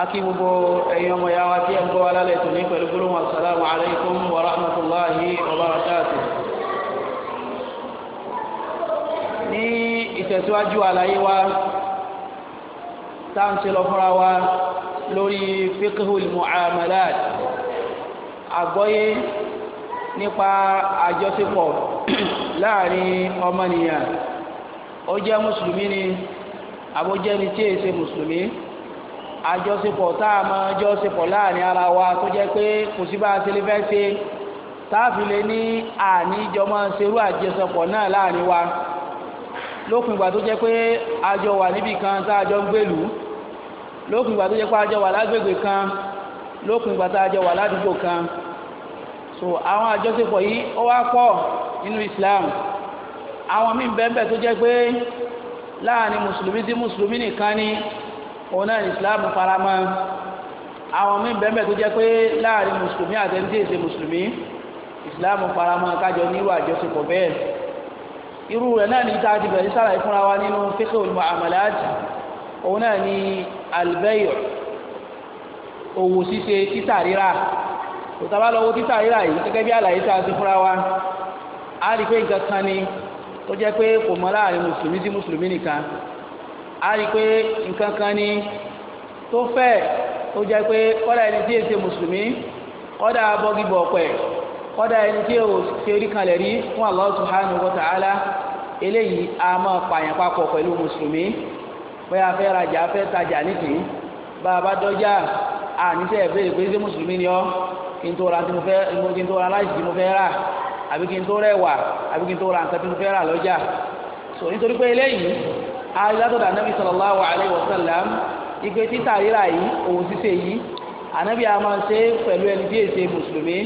aki gbogbo ẹ̀yin ọmọ yàrá tí ẹ ń gbọ́ wa lálẹ́ tó ní pẹ̀lú gbólóhùn asalaamu alaykum wa rahmatulahi wa barakatu. ní ìtẹ̀síwájú àlàyé wa tá à ń ṣe wa lórí fiqhul mu'amalat àgbọ́yé nípa àjọṣepọ̀ láàrin ọmọnìyàn ó jẹ́ mùsùlùmí ni àbójẹ́ni tí èsè àjọṣepọ̀ tá a máa jọṣepọ̀ láàrin ara wa tó jẹ́ pé kò sí bá a ṣe lè fẹ́ ṣe táàfin lè ní àníjọ máa ṣerú àjọṣepọ̀ náà láàrin wa lópin ìgbà tó jẹ́ pé àjọ wà níbì kan tá a jọ ń gbèlú lópin ìgbà tó jẹ́ pé àjọ wà lágbègbè kan lópin ìgbà tá a jọ wà ládùúgbò kan so àwọn àjọṣepọ̀ yìí ó wá pọ̀ nínú Islam àwọn míì bẹ́ẹ̀ bẹ́ẹ̀ tó jẹ́ pé láàrin mùsùlùmí sí mùsùlùmí nìkan ni. Muslimi, òun náà islam faramọ́ àwọn míì bẹ́ẹ̀ tó jẹ́ pé láàrin mùsùlùmí àti ẹni tí èsè mùsùlùmí islam faramọ́ kájọ ní ìwà àjọṣepọ̀ bẹ́ẹ̀ irú rẹ̀ náà ní táàdì bẹ̀rẹ̀ sàlàyé fúnra wa nínú fiqhul mu'amalat òun náà ní al-bay' òwò ṣíṣe títà rírà òtàbá lọ́wọ́ títà rírà yìí gẹ́gẹ́ bí àlàyé tá a ti fúnra wa á rí i pé nǹkan kan ni tó jẹ́ pé kò mọ láàrin mùsùlùmí sí mùsùlùmí nìkan a rí pé nǹkan kan ni tó fẹ́ tó jẹ́ pé kọ́dà ẹni tí mùsùlùmí kọ́dà bọ́gìbọ̀ ọ̀pẹ̀ kọ́dà ẹni tí ò ṣerí kanlẹ̀ fún eléyìí a máa pààyàn papọ̀ pẹ̀lú mùsùlùmí bóyá a fẹ́ rajà a fẹ́ tajà bá a bá dọ́jà mùsùlùmí ni ọ́ kí n tó ra tí mo fẹ́ kí rà àbí kí n tó rẹwà àbí rà lọ́jà so nítorí pé eléyìí ayélujára anabi sallallahu alayhi wa sallam ìgbé títà rírà yìí òun ṣíṣe yìí anabi a máa ṣe pẹ̀lú ẹni bí èsè mùsùlùmí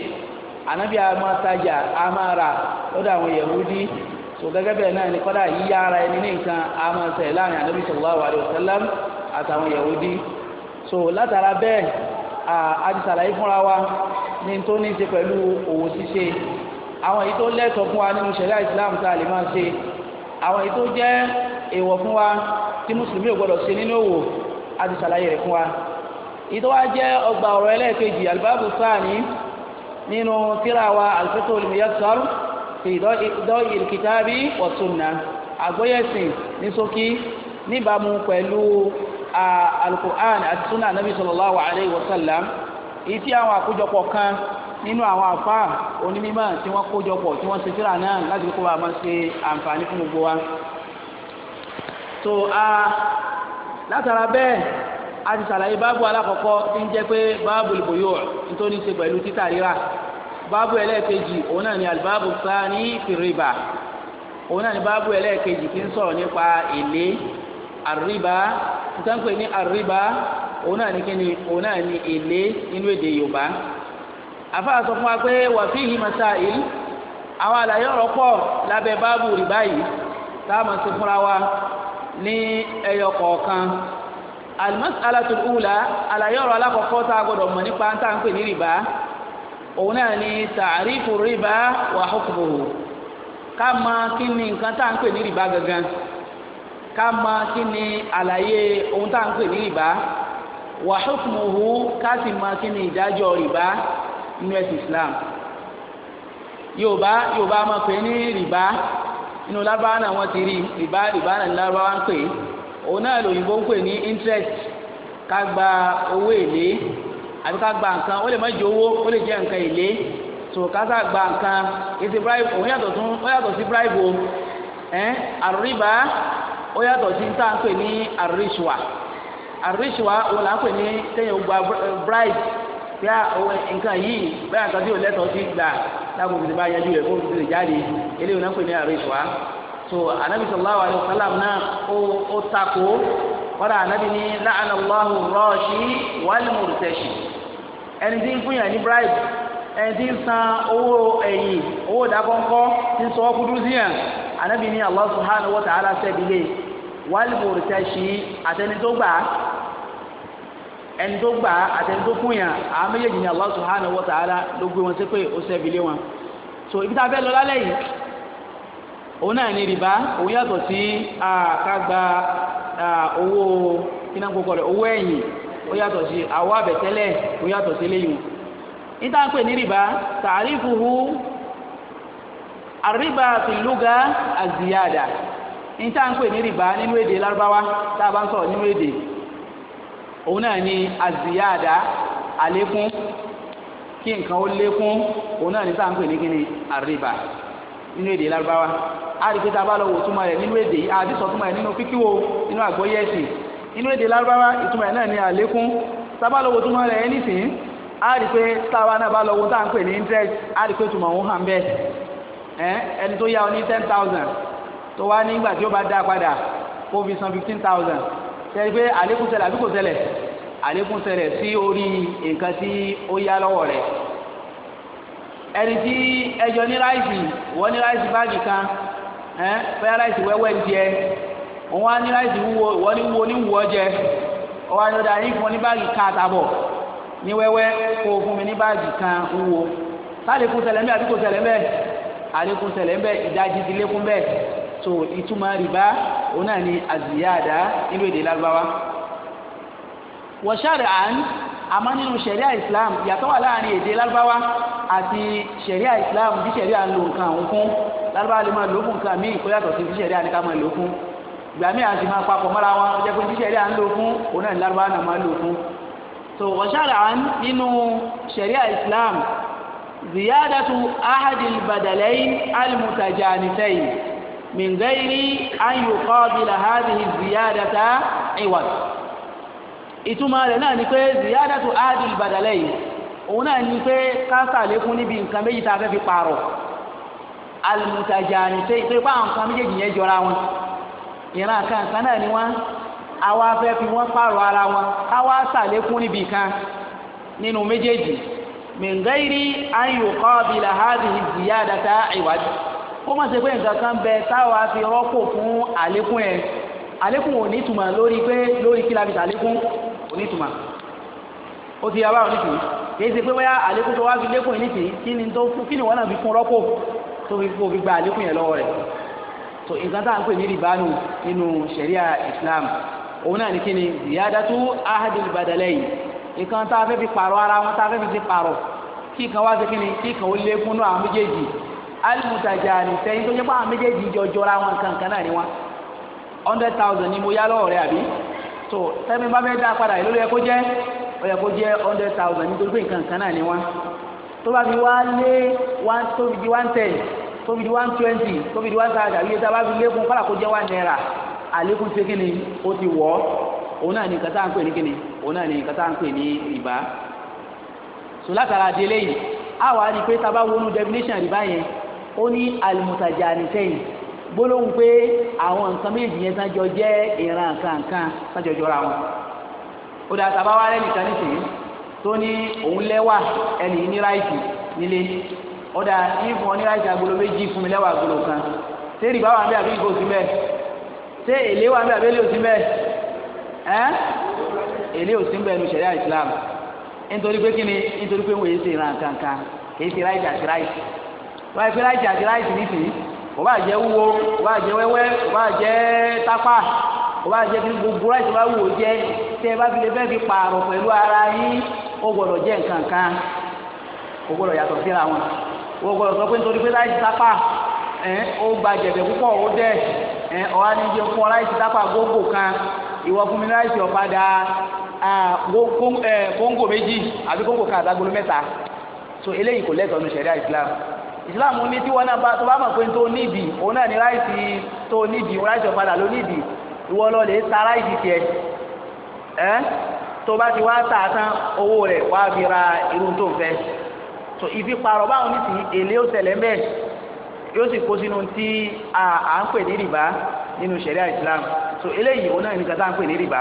anabi a máa tajà a máa rà lọ́dọ̀ àwọn yahudi so gẹ́gẹ́ bẹ́ẹ̀ náà ni kọ́dà yíyá ara ẹni ní nǹkan a máa ṣe láàrin anabi sallallahu alayhi wa sallam àtàwọn yahudi so látara bẹ́ẹ̀ àti sàlàyé fúnra wa ní tó ní ṣe pẹ̀lú òwò ṣíṣe àwọn èyí tó lẹ́tọ̀ọ́ fún wa nínú ṣẹ̀ríà èèwọ̀ fún wa tí mùsùlùmí ò gbọdọ̀ ṣe nínú òwò a ti ṣàlàyé rẹ̀ fún wa ìtọ́wá jẹ́ ọgbà ọ̀rọ̀ ẹlẹ́ẹ̀kejì alibabu sáàní nínú tíráwa alifẹ́tò olùmíyàtọ̀ ti ìdọ́ ìlkìtàbí wọ̀túnà àgbóyẹ̀sìn ní ṣókí níbàámu pẹ̀lú alukur'an àti sunna nabi sallallahu alayhi wa sallam ìtí àwọn àkójọpọ̀ kan nínú àwọn àfa onímọ̀ tí wọ́n kójọpọ̀ tí wọ́n ṣe tíra náà láti kó wa máa ṣe àǹfààní fún gbogbo wa so a látara bẹ́ẹ̀ a ti sàlàyé báàbù alákọ̀ọ́kọ́ tí ń jẹ́ pé báàbù ìbòyò nítorí ṣe pẹ̀lú títà rírà báàbù ẹlẹ́ẹ̀kejì òun náà ni àlùbáàbù sáà ní fìrìbà òun náà ni báàbù ẹlẹ́ẹ̀kejì tí ń sọ̀rọ̀ nípa èlé àríbá ìtànkùn ní àríbá òun náà ní kíni òun náà ní èlé nínú èdè yorùbá àfáà sọ fún wa pé wà fi hì masáìl àwọn àlàyé ọ̀rọ̀ pọ̀ lábẹ́ báàbù rìbá yìí tá a fúnra wa ní ẹyọ kọ̀ọ̀kan almas'alatu al-ula ọ̀rọ̀ alákọ̀ọ́kọ́ tá a gbọ́dọ̀ mọ̀ nípa tá à ń pè ní rìbá òun náà ni ta'rifu rìbá wa hukmuhu ká mọ kí ni nǹkan tá à ń pè ní rìbá gangan ká mọ kí ni àlàyé ohun tá à ń pè ní rìbá wa hukmuhu ká sì mọ kí ni ìdájọ́ rìbá nínú ẹ̀sìn Islam Yorùbá Yorùbá máa pè ní rìbá inú lábáwá náà wọ́n ti rí rìbá rìbá náà ní lábáwá ń pè òun náà lòyìnbó ń pè ní interest ká gba owó èlé àbí ká gba nǹkan ó lè má jẹ owó ó lè jẹ nǹkan èlé tó ká sá gba nǹkan ètò bribe òun yàtọ̀ tún ó yàtọ̀ sí bribe o ẹ́n àríbá ó yàtọ̀ sí tá à ń pè ní àríṣùwà àríṣùwà òun là ń pè ní téèyàn gba bribe bí nǹkan yìí bẹ́ẹ̀ nǹkan tí ò lẹ́tọ̀ọ́ sí gbà lágbo fi ti bá yanjú rẹ̀ kó fi ti lè jáde eléyìí náà pè ní àríṣùwà so anabi sallallahu alayhi wa sallam náà ó ó takò kọ́dà anabi ní la'ana Allahu rọ́ọ̀ṣì wal murtashi ẹni tí ń fún yàn ní bribe ẹni tí ń san owó ẹ̀yìn owó ìdákọ́ńkọ́ tí ń sọ ọ́ kúdú sí yàn anabi ní Allah subhanahu wa ta'ala sẹ́bi lé wal murtashi àtẹni tó gbà ẹni tó gbà àwọn méjèèjì ni Allah subhanahu wa ta'ala ló gbé wọn sí pé ó wọn so ibi tá a fẹ́ lọ lálẹ́ yìí òun náà ní rìbá òun yàtọ̀ sí gba owó iná gbogbo rẹ̀ owó ẹ̀yìn ó yàtọ̀ sí àwọ̀ àbẹ̀tẹ́lẹ̀ ó yàtọ̀ sí léyìn níta ń ní rìbá òun náà ni aziyada àlékún kí nǹkan ó lékún òun náà ni sáà ń pè ní kíni àríbà nínú èdè lárúbáwá àríkè tá a bá lọ wò túmọ̀ rẹ̀ nínú èdè yìí àti sọ túmọ̀ rẹ̀ nínú kíkíwò nínú àgbọ́yé ẹ̀sìn nínú èdè lárúbáwá ìtumọ̀ rẹ̀ náà ni àlékún tá bá lọ wò túmọ̀ rẹ̀ anything àríkè táwa náà bá lọ wò tá ń pè ní interest àríkè túmọ̀ òun hàn bẹ́ẹ̀ ẹni tó yá ọ ní ten thousand tó wá nígbà tí ó bá dá padà kó fi san fifteen thousand sẹ́ni pé àlékún ṣẹlẹ̀ àbí kò ṣẹlẹ̀ àlékún ṣẹlẹ̀ sí orí nǹkan tí ó yá lọ́wọ́ rẹ̀ ẹni tí ẹjọ́ ní ráìsì wọ́n ní ráìsì báàgì kan ẹ́ fẹ́ ráìsì wẹ́wẹ́ ń jẹ òun wá ní ráìsì wúwo wọ́n ní wúwo ní wúwo jẹ ọwọ́ àti ọ̀dà yìí fún ní báàgì kan àtàbọ̀ ní wẹ́wẹ́ kó o fún mi ní báàgì kan wúwo sálékún ṣẹlẹ̀ ń bẹ àbí kò ṣẹlẹ̀ ti lékún bẹ́ẹ̀ so ìtumọ̀ rìbá òun náà ni àzìyáàdá nínú èdè lárúbáwá wọ̀ṣáàdà àn àmọ́ nínú ṣẹ̀ríà islam yàtọ̀ wà láàrin èdè lárúbáwá àti ṣẹ̀ríà islam bí ṣẹ̀ríà ń lo nǹkan àwọn fún lárúbáwá lè máa lókun nǹkan míì kó yàtọ̀ sí bí ṣẹ̀ríà ní ká máa lókun ìgbà míì àti máa papọ̀ mọ́ra wọn jẹ́ pé bí ṣẹ̀ríà ń lo fún òun ni lárúbáwá náà máa lò fún so wọ̀ṣáàdà àn nínú ṣẹ̀ríà islam ziyadatu ahadil badalain almutajanitayn من غير أن يقابل هذه الزيادة عوض ìtumọ̀ rẹ̀ náà ni pé ziyadatu adil badalẹ̀ yìí òun náà ni pé káṣà lékún níbi nǹkan méjì tá a fẹ́ fi pààrọ̀ alimutajani ṣe ìpè pa nǹkan méjèèjì yẹn jọra wọn ìran kan kan náà ni wọn àwa fẹ́ fi wọ́n pààrọ̀ ara wọn káwa ṣàlékún níbi kan nínú méjèèjì min gairi an yuqabila hadhihi ziyadata iwájú kó má ṣe pé nǹkan kan bẹ táwa fi rọ́pò fún àlékún ẹ̀ àlékún ò ní ìtumọ̀ lórí pé lórí kí la fi ṣàlékún ò ó ti yàrá òní kìí ṣe pé wáyà àlékún tó wá fi lékún ẹ̀ ní kí ni tó kí ni wọ́n náà fi kún rọ́pò tó fi kó fi gba àlékún yẹn lọ́wọ́ rẹ̀ so nǹkan tá à ń pè ní ribanu nínú ṣẹ̀ríà Islam òun náà ní kí ni ziyadatu ahadil badalayi nǹkan tá a fẹ́ fi pààrọ̀ ara wọn tá a fẹ́ fi ti pààrọ̀ kí kan wá sí kí ni kí kan ó lékún náà alimutaja nìsẹ́yìn tó yẹ kó àwọn méjèèjì jọ jọra wọn kankan náà ni wọn hundred thousand ni mo yá lọ́wọ́ rẹ àbí tó sẹ́mi bá fẹ́ dá padà ìlú yẹ kó jẹ́ ó yẹ kó jẹ́ hundred thousand nítorí pé nǹkan kan náà ni wọn tó bá fi wá lé one tó fi di one ten tó fi di one twenty tó fi di one thousand àbí yẹta bá fi lékun kọ́là kó jẹ́ one naira àlékún ṣe kíni ó ti wọ̀ ọ́ òun náà ni nǹkan tá à ń pè ní kíni òun náà ni nǹkan tá à ń pè ní ìbá sùn látara délé yìí àwa ni pé tá a bá wọnú definition ìbá yẹn ó ní alimutajanisayin gbólóhùn pé àwọn nǹkan méjì yẹn sanjọ jẹ́ ìran kankan sanjọ jọra wọn ó dà sábà wà lẹ́nìkan nísìnyí tó ní òun lẹ́wà ẹnì ní ráìtì nílé ó dà ìfún ọ ní ráìtì agolo méjì fún mi lẹ́wà agolo kan ṣé ìrìbá wà ń bẹ àbí ìgò sí bẹ́ẹ̀ ṣé èlé wà ń bẹ àbí èlé ò sí bẹ́ẹ̀ èlé ò sí bẹ́ẹ̀ nu ṣẹ̀ríà Islam nítorí pé kí ni nítorí pé wọ́n èyí ṣe ìran kankan kì í ṣe ráìtì àti ráìtì wọ́n á fi ráìsì àti ráìsì nìsín kò bá jẹ́ wúwo kò bá jẹ́ wẹ́wẹ́ kò bá jẹ́ tápà kò bá jẹ́ gbogbo ráìsì bá wúwo jẹ́ tẹ́ ẹ bá fi lè fẹ́ fi pààrọ̀ pẹ̀lú ara yín ó gbọ́dọ̀ jẹ́ nǹkan kan ó gbọ́dọ̀ yàtọ̀ síra wọn ó gbọ́dọ̀ sọ pé nítorí pé ráìsì tápà ẹ̀ ó gba jẹ̀bẹ̀ púpọ̀ ó dẹ̀ ẹ̀ ọ̀hán jẹ́ fún ọ ráìsì tápà gbogbo kan ìwọ fún mi ráìsì ọ̀padà kóńgò méjì àbí kóńgò kan àdágolo mẹ́ta so eléyìí kò lẹ́tọ̀ọ́ nù ṣẹ̀ríà Islam Islam ní tí wọn náà bá tó bá mọ̀ pé tó níbi òun náà ní ráìsì tó níbi ráìsì ọ̀padà ló níbi ìwọ lọ lè ta ráìsì tiẹ̀ ẹ́ tó bá ti wá tà tán owó rẹ̀ wá fi ra irun tó fẹ́ so ìfi parọ́ báwọn ní ti èlé ó tẹ̀lé mbẹ́ yóò sì kó sínú tí à ń pè ní rìbá nínú ṣẹ̀ríà ìsìláàmù so eléyìí òun náà ní kàtà ń pè ní rìbá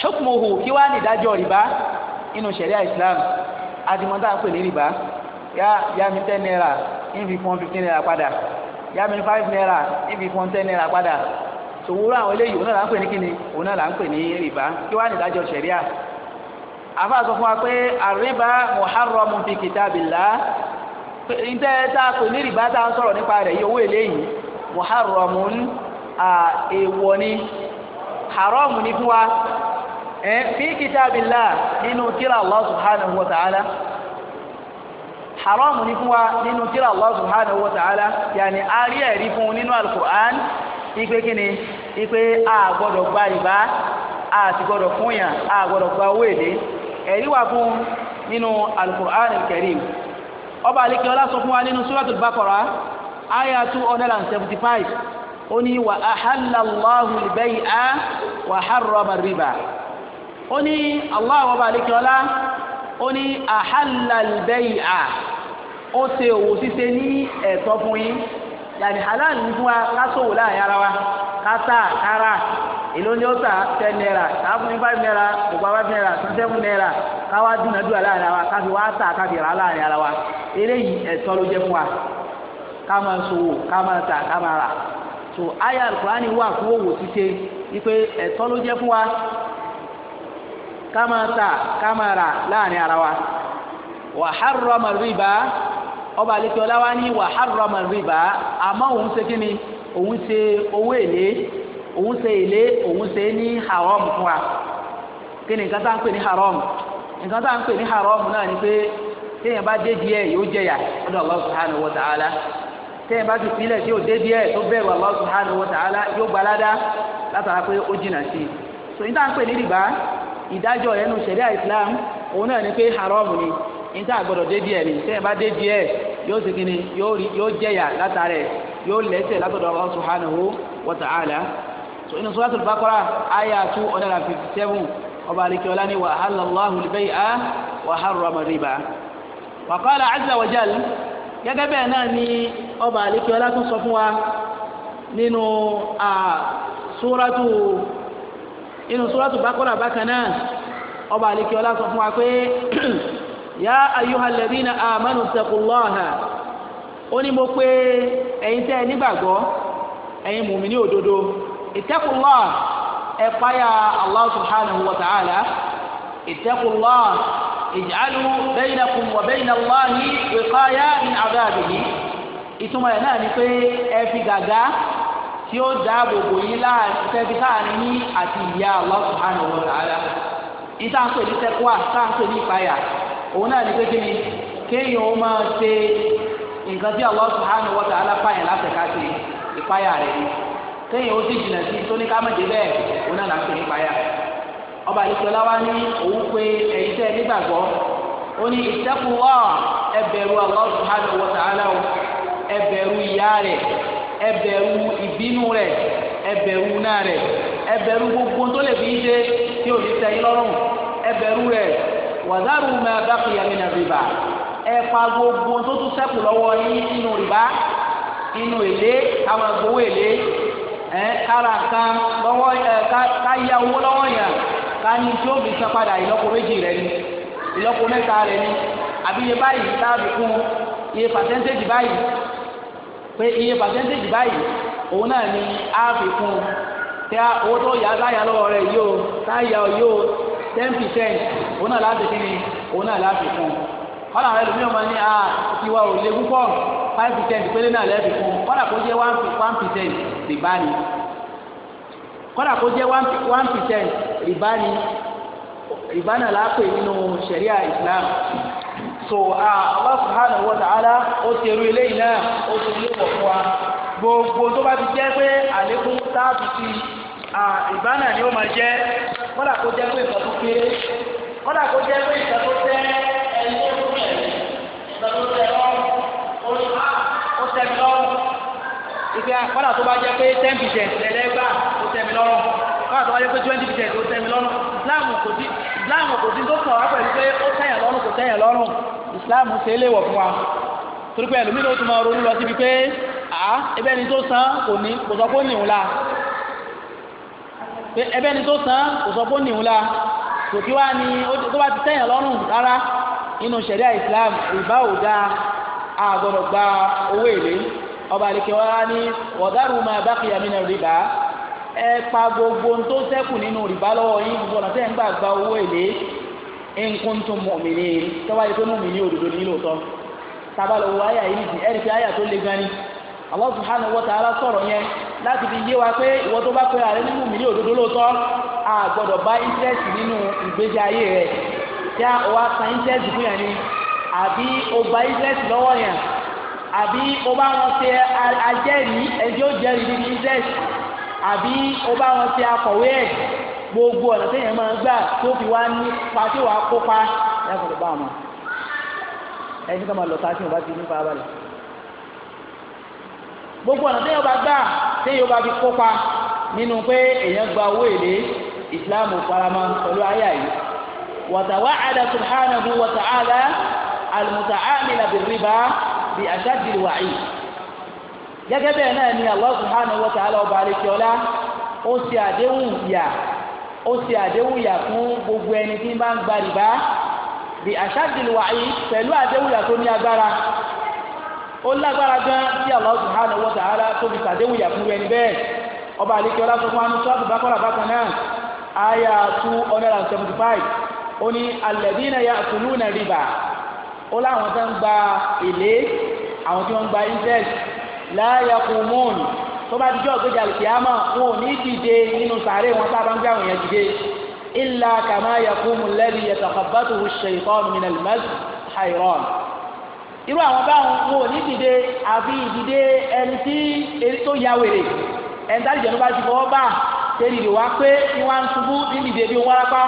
ṣókùnmọ̀hù kí wá ní ìdájọ́ rìbá nínú ṣẹ̀ríà ìsìláàmù adìmọ́tà ń pè ní rìbá Ya, yá mi ten naira ìfi fún fifteen naira padà yá mi five naira ìfi fún ten naira padà sòwúrò àwọn eléyìí òun náà là ń pè ní kíni òun náà là ń pè ní rìbá kí wàá nìdájọ́ ṣẹ̀ríà àfa sọ fún wa pé àríbá muharramun fi kitabillah ntẹ tá a pè ní rìbá tá a nípa rẹ̀ yìí owó eléyìí muharramun èèwọ̀ ni haram ni fún wa fi kitabillah nínú kíra Allah subhanahu wa ta'ala haram ni fún wa nínú tírà Allah subhanahu wa ta'ala yàní arí ẹ̀rí fún nínú alukur'an ipe kíni ipe a gbọ́dọ̀ gba ìbá a sì gbọ́dọ̀ fún yàn a gbọ́dọ̀ gba owó èlé ẹ̀rí wà fún nínú alukur'an al-karim ọba àlekè ọlá sọ fún wa nínú suratul baqara aya two hundred and seventy five ó ní wa ahalla Allahu al-bay'a wa harrama ar-riba ó ní Allah ọba àlekè ọlá ó ní àhàlàlbẹ́yì à ó ṣe òwò ṣíṣe ní ẹ̀tọ́ fún yín yàní halal ní fún wa kásòwò láàyè ara wa kásà kára èló ni ó tà ten naira tàá fún mi five naira ògbà five naira tún seven naira káwá dúnadúrà láàrin ara wa káfí wá tà káfí rà láàrin ara wa eléyìí ẹ̀tọ́ ló jẹ́ fún wa ká máa ṣòwò ká máa tà ká máa rà so aya alukurani wà fún òwò ṣíṣe wípé ẹ̀tọ́ ló jẹ́ fún wa kamara máa tà ká máa wa harrama riba ọba àlekí wa ní wa harrama riba àmọ́ òun ṣe kí òun ṣe owó èlé òun ṣe èlé òun se ni haram fún wa ni nǹkan pè ni pé téèyàn bá dé yóò jẹyà Allah yóò gbalada látara pé ó jìnnà sí i so níta ń pè ní ìdájọ́ ẹnu ṣẹ̀ríà islam òun náà ni pé haram ni níta gbọ́dọ̀ dé díẹ̀ ni sẹ́yìn bá dé díẹ̀ yóò sì kíni yóò jẹ̀yà látara ẹ̀ yóò lẹ́sẹ̀ látọ̀dọ̀ Allah subhanahu wa ta'ala so inú suratul baqara aya two hundred and fifty seven ọba alikiola ni wa ahalla Allahu al-bay'a wa harrama riba wa qala azza wa jal gẹ́gẹ́ bẹ́ẹ̀ náà ni ọba alikiola tún sọ fún wa nínú suratu. Inu suratu Baqara bákan náà ọba àlekí ọlá sọ fún wa pé yá ayyuhal amanu taqullaha ó ní mo pé ẹ̀yin tẹ́ ẹ nígbàgbọ́ ẹ̀yin mùmíní òdodo ẹ páyà Allah subhanahu wa ta'ala ittaqullaha ij'alu bainakum wa baina Allahi wiqaya ìtumọ̀ náà ni pé ẹ fi gàgá. tí ó dáàbò bò yín láàrin tẹ́bí láàrin àti ìyá Allah subhanahu wa ta'ala ìta ń pè ní tẹ́kọ́à ń pè ní ìpayà òun náà ní pé kí ni kéèyàn ó máa pààyàn sí ìpayà rẹ̀ ni kéèyàn ó sì jìnnà sí tó ní bẹ́ẹ̀ òun náà pè ní ìpayà ọba wa ní òun pé ẹ̀yin tẹ́ ẹ bẹ̀rù ìbínú rẹ̀ ẹ bẹ̀rù náà rẹ̀ ẹ bẹ̀rù gbogbo tó lè fi í dé tí ò ní tẹ́ yín lọ́rùn ẹ bẹ̀rù rẹ̀ wàdàrú ma baqiya mina rìbá ẹ pa gbogbo tó tún ṣẹ́kù lọ́wọ́ yín nínú rìbá nínú èlé káwọn gbowó èlé ẹ kára kan lọ́wọ́ ẹ ká yá owó lọ́wọ́ yẹn ká ní tí ó fi san padà ìlọ́po méjì rẹ ni ìlọ́po mẹ́ta rẹ ni àbí iye báyìí táàbì kún iye pàṣẹ́ntéèjì báyìí pé iye pàṣẹ́ntéèjì báyìí òun náà ni a fi kún tí a owó tó yá láyà lọ́wọ́ rẹ̀ yóò láyà yóò ten percent òun náà láti kí ni òun náà láti kún kọ́lá àwọn ẹlòmíràn máa ní a tiwa ò lè púpọ̀ five percent péré náà lẹ́ẹ̀fi kún kọ́lá kó jẹ́ one percent rìbá ni kọ́lá kó jẹ́ one percent rìbá ni rìbá náà lápè nínú ṣẹ̀ríà Islam. so ah, Allah subhanahu wa ta'ala ó ti rú eléyìí náà ó ti ní ìwọ̀ wa gbogbo tó bá ti jẹ́ pé àlékún táàbù sí ìbánà ni ó máa jẹ́ kọ́dà kó jẹ́ pé nǹkan tó kéré kọ́dà kó jẹ́ pé nǹkan tó tẹ́ ẹni tó kú ẹ̀ nǹkan tó tẹ́ lọ́rùn ó ah, tẹ́ lọ́rùn ìfẹ́ kọ́dà tó bá pé ten percent lẹ́lẹ́gbà ó lọ́rùn kọ́dà tó bá pé twenty percent ó lọ́rùn kò islam kò sí tó kàn wá pẹ̀lú pé ó tẹ̀yàn lọ́rùn kò tẹ̀yàn lọ́rùn islam ṣe é léwọ̀ fún wa torí pé ẹlòmíràn ó tún máa ronú lọ síbi pé à ẹbẹ́ ni tó san kò ní kò sọ pé ó nìhun la ẹbẹ́ ni tó san kò sọ pé ó nìhun la kò kí wá ni tó bá ti tẹ̀yàn lọ́rùn rárá inú ṣẹ̀ríà islam rìbá ò dáa a gbọ́dọ̀ gba owó èlé ọba àlekèwá ní wọ̀dárù máa bá kìyàmínà rìbá ẹ pa gbogbo ohun tó ṣẹ́kù nínú rìbá lọ́wọ́ yín gbogbo ọ̀nà tẹ́ ń gbà gba owó èlé nǹkan tó mọ̀ mí ní tọ́wá yìí tó mú mi ní òdodo ní lóòótọ́ tábà lọ́wọ́ àyà yìí nìsín ẹ̀rí pé àyà tó le gan ni Allah subhanahu wa ta'ala sọ̀rọ̀ yẹn láti fi yé wa pé ìwọ tó bá pé ààrẹ nínú mi ní òdodo lóòótọ́ a gbọ́dọ̀ bá íńtẹ́ẹ̀sì nínú ìgbésí ayé rẹ̀ tí a wá san o gba íńtẹ́ẹ̀sì lọ́wọ́ yẹn àbí o bá wọn ṣe àbí ó bá wọn ṣe akọ̀wé ẹ̀ gbogbo ọ̀nà téèyàn máa ń gbà tó fi wá nípa tí wàá kópa yàtọ̀ ló bá wọn ẹni tó máa lọ sáà tí wọn bá ti nípa abalẹ̀ gbogbo ọ̀nà téèyàn bá gbà téèyàn bá fi kópa nínú pé èèyàn gba owó èlé ìsìláàmù farama pẹ̀lú ayé àyè wàtàwá àdá subhanahu wa ta'ala almutaamila birriba bi ashaddi alwa'i gẹ́gẹ́ bẹ́ẹ̀ náà ni Allah subhanahu wa ta'ala ọba alekiola ó ṣe àdéhùn ìyà ó ṣe àdéhùn ìyà fún gbogbo ẹni tí ń bá ń gba rìbá bí ashadil wa'i pẹ̀lú àdéhùn ìyà tó ní agbára ó lágbára gan tí Allah subhanahu wa ta'ala tó fi ṣàdéhùn ìyà fún ẹni bẹ́ẹ̀ ọba alekiola sọ fún wa ní sọ́ọ̀tù bákọ́lá bákan náà aya two ó ní láyà kù mọ́ọ̀nù tó bá dijọ́ ògbéjà lùkìámọ̀ wọn ò ní dìde nínú sàárè wọn tá a bá ń gbé àwọn èèyàn dìde ilà kàmá yà kú mu lẹ́bi yàtọ̀kọ̀bátò ṣèkọ́ọ̀nù mi nàlùmá hàìrọ́ọ̀n irú àwọn báwọn wọn ò ní dìde àfi ìdìde ẹni tí èyí tó ya wèrè ẹni tá àlìjẹ̀nu bá ti fọwọ́ bá tẹ́lẹ̀ ìdè wá pé ní wá ń ṣubú ní dìde bí wọ́n rápá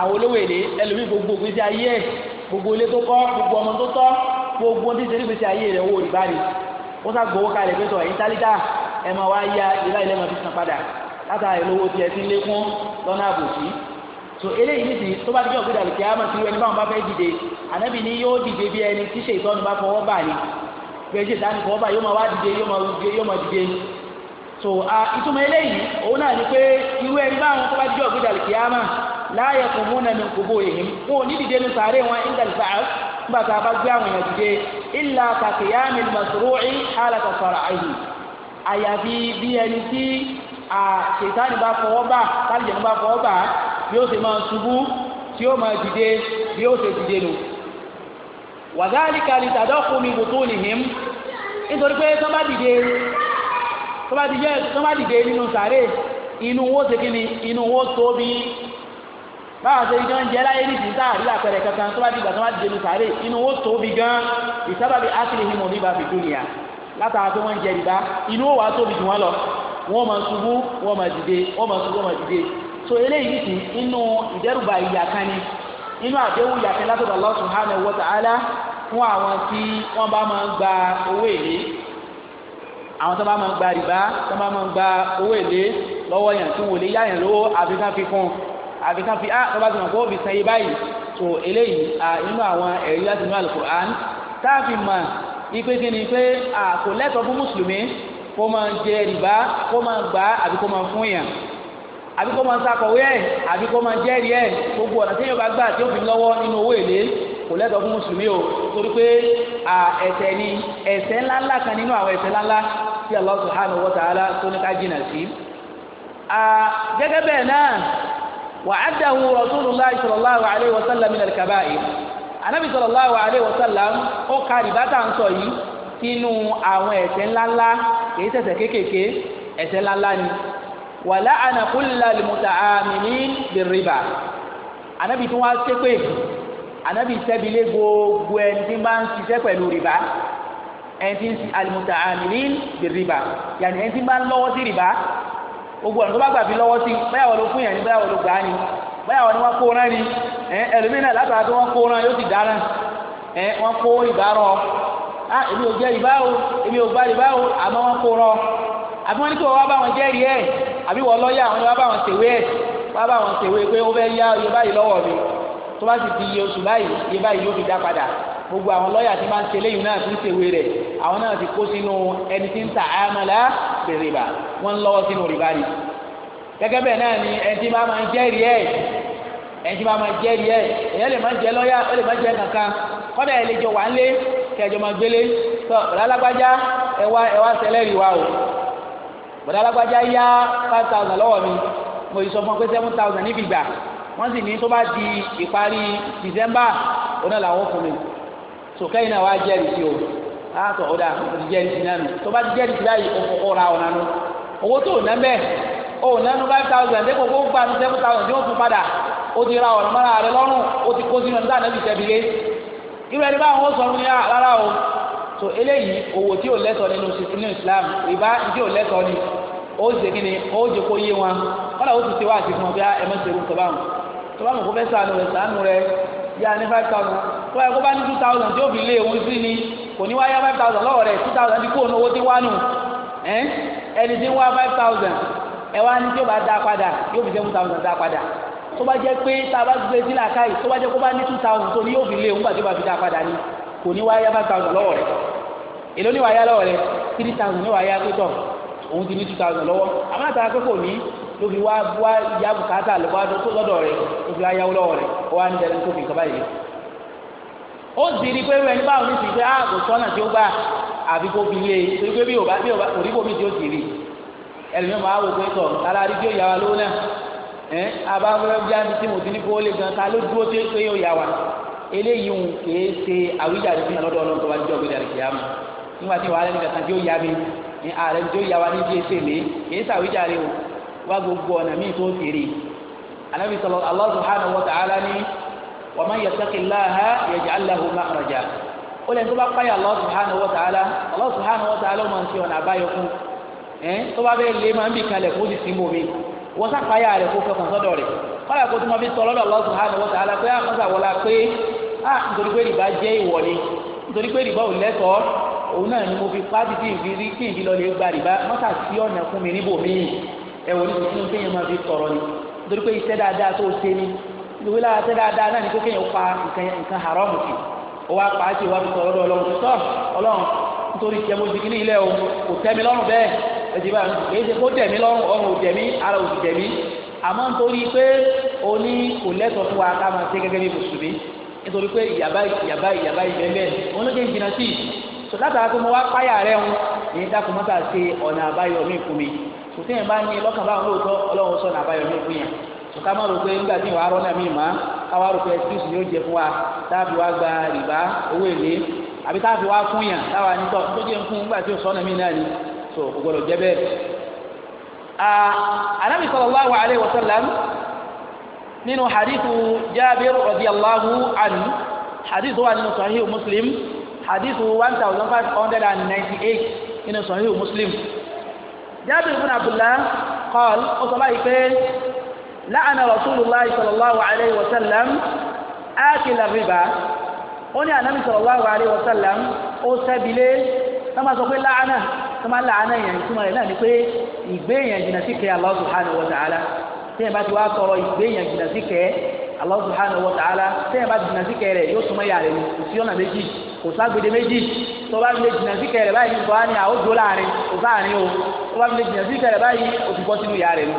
àwọn olówó èlé ẹlòmíì gbogbo gbèsè ayé ẹ gbogbo ilé tó kọ́ gbogbo ọmọ tó tọ́ gbogbo ní sẹ́ni gbèsè ayé rẹ̀ owó rìbá rẹ̀ wọ́n sá gbowó kalẹ̀ pé sọ ẹ̀yin tálíkà ẹ̀ máa wá ya ìlà ilẹ̀ máa fi san padà látara ìlówó tiẹ̀ ti lékún lọ́nà àbòsí so eléyìí ní sìn tó bá dijọ́ gbé dàlùkì àmọ́ sí ẹni báwọn bá fẹ́ dìde ànábì ni yóò dìde bí ẹni tí ṣe ìtọ́nu bá fọwọ́ bà ní gbèsè ìtọ́nu fọwọ́ bà yóò máa wá dìde yóò máa dìde yóò máa dìde so ìtumọ̀ eléyìí òun náà ni pé irú ẹni báwọn tó bá dijọ́ gbé dàlùkì àmọ́ láàyè kò mú nàmì kúbó yìí wọn ò ní dìde ní sàárè wọn ìdá ìfàá nígbà tá a bá gbé àwọn èèyàn dìde ìlà kàkìyà mi màsúrùí alàkà sọ̀rọ̀ àyè àyàfi bí ẹni tí ṣètánì bá fọwọ́ bá tálíjẹ̀ bá fọwọ́ bá bí ó ṣe máa ṣubú tí ó máa dìde bí ó ṣe dìde lò wàdálíkà lè tàdọ́kùn mi kò tó nìyẹn nítorí pé tó bá dìde tó bá dìde nínú sàárè inú wo ṣe kí ni inú wo tóbi báwa ṣe ìjọ ń jẹ láyé ní ìsìn sáà rí àpẹẹrẹ kankan tó bá di ìgbà tó bá di jẹnu sàárè inú wọn tóbi gan ìsábàbí ákìlì himọ ní ìbáfi dúnìyà látara pé wọn ń jẹ ìdá inú wọn wà tóbi jù wọn lọ wọn máa ṣubú wọn máa dìde wọn máa ṣubú wọn máa dìde so eléyìí ti inú ìdẹ́rùbà ìyà kan ni inú àdéhùn ìyà kan látọ̀dọ̀ Allah subhanahu wa ta'ala fún àwọn tí wọ́n bá máa ń gba owó èlé àwọn tó bá máa ń gba rìbá tó bá máa ń gba owó èlé lọ́wọ́ yàn tí wọ́n lè yáyàn lówó àbí ká àfi ká fi á ah, tọ́ba tó mọ̀ kó fi san yé báyìí tó eléyìí nínú àwọn ẹ̀rí láti inú alukur'an táàfin mọ̀ ipe kí ni pé kò lẹ́tọ̀ọ́ fún mùsùlùmí kó máa jẹ rìbá kó máa gbà á àbí kó máa fún yàn àbí kó máa sakọ̀wé ẹ̀ àbí kó máa jẹ́rìí ẹ̀ gbogbo ọ̀nà tí yóò bá gbà tí ó fi lọ́wọ́ nínú owó èlé kò lẹ́tọ̀ọ́ fún mùsùlùmí o torí pé ẹ̀ṣẹ̀ ni ẹ̀ṣẹ̀ ńláńlá kan nínú àwọn ẹ̀ṣẹ̀ ńláńlá tí Allah subhanahu wa ta'ala tó ní ká jìnnà sí. gẹ́gẹ́ bẹ́ẹ̀ náà وعده رسول الله صلى الله عليه وسلم من الكبائر النبي صلى الله عليه وسلم ó ka rìbá tá à ń sọ yìí sínú àwọn ẹ̀ṣẹ̀ ńláńlá kì í ṣẹ̀ṣẹ̀ kéékèèké ẹ̀ṣẹ̀ ńláńlá ni ولعن كل المتعاملين بالربا anabi tún wá ṣépè anabi sẹ́bilé gbogbo ẹni tí ń bá ń ṣiṣẹ́ pẹ̀lú rìbá ẹni tí ń ṣe المتعاملين بالربا yàní ẹni tí ń bá ń lọ́wọ́ sí rìbá gbogbo ọ̀nà tó bá gbà fi lọ́wọ́ sí báyà wọ́n ló fún yẹn ni báyà wọ́n ló gbà á ni báyà wọ́n ni wọ́n kó rán ni ẹlòmínà látara tó wọ́n kó rán yóò sì dáná wọ́n kó ìbárọ̀ èmi ò jẹ́ ìbáwò èmi ò gbá ìbáwò àmọ́ wọ́n kó rọ àbí wọ́n ní kí wọ́n wá bá wọn jẹ́rìí ẹ̀ àbí wọ́n lọ́ọ́yà wọ́n wá bá wọn tèwé ẹ̀ wá bá wọn tèwé pé ó fẹ́ yá iye báyìí lọ́wọ́ mi tó bá sì di iye oṣù báyìí iye báyìí yóò fi dá padà gbogbo àwọn lọ́ọ̀yà tí máa ń tẹ̀lé yìí náà tún tẹ̀wé rẹ̀ àwọn náà ti kó sínú ẹni tí ń ta àmàlà bèrèbà wọ́n ń lọ́wọ́ sínú rìbá ni. gẹ́gẹ́ bẹ́ẹ̀ náà ni ẹni tí máa máa jẹ́rìí ẹ̀ ẹni tí máa máa jẹ́rìí ẹ̀ èyàn lè máa jẹ́ lọ́ọ̀yà ó lè máa jẹ́ kankan kọ́dà ẹ̀ lè jọ wà ńlé kẹjọ máa gbélé tọ́ lálágbájá ẹ wá sẹlẹ́rì wa o bọ̀dá yá five thousand lọ́wọ́ mi mo sì sọ fún ọ pé seven thousand níbi ìgbà wọ́n sì ní tó bá di ìparí December òun náà làwọn fún mi sòkè iná wa jẹ́rìsì o àtọ̀ ọ̀dà o ti jẹ́rìsì náà nù tó bá ti jẹ́rìsì báyìí o kọ́kọ́ ra ọ̀nà nù owó tó nà mẹ́ o nà nù five thousand dé kókó gba nù seven thousand tí o fún padà o ti ra ọ̀nà mọ́ra rẹ lọ́rùn o ti kó sínú nígbà náà fi tẹ̀bi lé irú ẹni báwọn ó sọ fún yà ah, rárá o tó eléyìí owó tí o lẹ́tọ̀ nínú nínú Islam ìbá tí o lẹ́tọ̀ ni o ṣe kí ni o jẹ kó yé wọn kọ́lá o ti ṣe wá àti fún ọ bí ah, ẹ mọ̀ ṣe rú tọ́ba wọn tọ́ba mọ̀ kó fẹ́ sànù rẹ sànù rẹ yà ní five thousand tó ẹ kó bá ní two thousand tí ó fi lé òun sí ni kò ní wáyé five thousand lọ́wọ́ rẹ̀ two thousand ti kú òun owó tí wá nù ẹni tí ń wá five thousand ẹ wá ní tí ó bá dá padà yóò fi seven thousand dá padà tó bá jẹ́ pé tá a bá gbé sí làákàyè tó bá jẹ́ kó bá ní two thousand tó ní yóò fi lé òun gbà tí ó bá fi dá padà ni kò ní wáyé five thousand lọ́wọ́ rẹ̀ èló ní wáyé lọ́wọ́ rẹ̀ three thousand ní wáyé pẹ́tọ̀ òun ti ní two thousand lọ́wọ́ àmọ́ àtàrà pé kò ní ló fi wá wá ìyá bùkátà lọ́dọ̀ rẹ̀ ló fi wá yáwó lọ́wọ́ rẹ̀ ó wá ní ó sì rí pé ẹni báwo ní ti pé á ah, kò sọ́nà tí ó gbà àbí kó fi lé e. torí pé bí yorùbá bí yorùbá kò rí bòmí tí ó sì rí ẹlòmíràn máa wò pé tọ̀ alárí tí ó yà wá lówó náà ẹ abáwọlọ jáde tí mo ti ní kó lè gan ká ló dúró tó pé ó yà wá eléyìí ń ṣe àwíjàre fún ọlọ́dọ̀ nígbà tí tí ó ní ààrẹ tí ó e, o wá gbogbo wa man yattaqillaha yaj'al lahu makhraja ó lẹ́nu tó bá páyà Allah subhanahu wa ta'ala Allah subhanahu wa ta'ala máa ń fi ọ̀nà àbáyọ fún ẹ́ tó bá bẹ́ẹ̀ lé máa ń bì kalẹ̀ fún òsì mọ́ mi wọ́n sá páyà rẹ̀ kó fẹ́ kàn sọ́dọ̀ rẹ̀ kọ́lá kó tó máa fi sọ lọ́dọ̀ Allah subhanahu wa ta'ala pé àkọ́sà ah, wọlá pé à ah, nítorí pé rìbá jẹ́ ìwọ̀ nítorí pé rìbá ò lẹ́tọ̀ọ́ òun náà ni mo fi pàdé tí ìfi rí kí ìfi lọ lè gba rìbá mọ́tà sí ọ̀nà fún mi níbòmíì ẹ̀wọ̀n ní tuntun téèyàn máa fi sọ̀rọ̀ ni nítorí pé iṣẹ́ dáadáa tó ṣe ni ìwé lára tẹ́ dáadáa náà ní pé kéèyàn pa nǹkan nǹkan haram kì ó wá pa á sí ìwádìí sọ̀rọ̀ lọ́dọ̀ ọlọ́run tó ọlọ́run nítorí tiẹ̀ mo jìgì ní ilé o kò tẹ́ mi lọ́rùn bẹ́ẹ̀ ẹ̀jẹ̀ bá kìí ṣe kó tẹ̀ mí lọ́rùn ọrùn ò tẹ̀ mí ara ò sì tẹ̀ mí àmọ́ nítorí pé o ní kò lẹ́tọ̀ọ́ fún wa ká máa ṣe gẹ́gẹ́ bí mùsùlùmí nítorí pé ìyàbá ìyàbá ìyàbá ìbẹ́ẹ̀bẹ́ẹ̀ wọn ló dé ìjìnà sí i látara pé mo wá páyà rẹ̀ ń ní dákùnmọ́tà ṣe ọ̀nà àbáyọ mi fún mi kò sọ̀ká má rò pé nígbà tí ìwà arọ́nà mi má káwá rò pé excuse ni ó jẹ fún wa táàbí wá gba rìbá owó èlé àbí táàbí wá fún yàn táwa nítọ̀ tó jẹ́ fún nígbà tí ò sọ́nà mi náà ni so kò gbọdọ̀ jẹ́ bẹ́ẹ̀. anabi sallallahu alayhi wa sallam hadithu jabir radiyallahu anhu hadithu wa sahih muslim hadithu one thousand sahih muslim jabir ibn abdullah qala ó sọ báyìí pé láàánà rasulullah sallallahu alayhi wa sallam ákìlà rìbá ó ní ànábì sallallahu alayhi wa sallam ó sẹ́bilé wọ́n máa sọ pé láàánà wọ́n máa láàánà yẹn túmọ̀ rẹ̀ náà ni pé ìgbé yẹn jìnnà sí kẹ́ Allah subhanahu wa ta'ala tí yẹn bá ti wá sọ̀rọ̀ ìgbé yẹn jìnnà sí kẹ́ Allah subhanahu wa ta'ala tí yẹn bá jìnnà sí kẹ́ rẹ̀ yóò túmọ̀ yàrá ni kò sí ọ̀nà méjì kò ságbede méjì tó bá lè jìnnà sí kẹrẹ báyìí nǹkan á ní àwòjọ láàrin kò sáàrin o tó bá lè jìnnà sí kẹrẹ báyìí o ti bọ́ sínú ìyá rẹ̀ lọ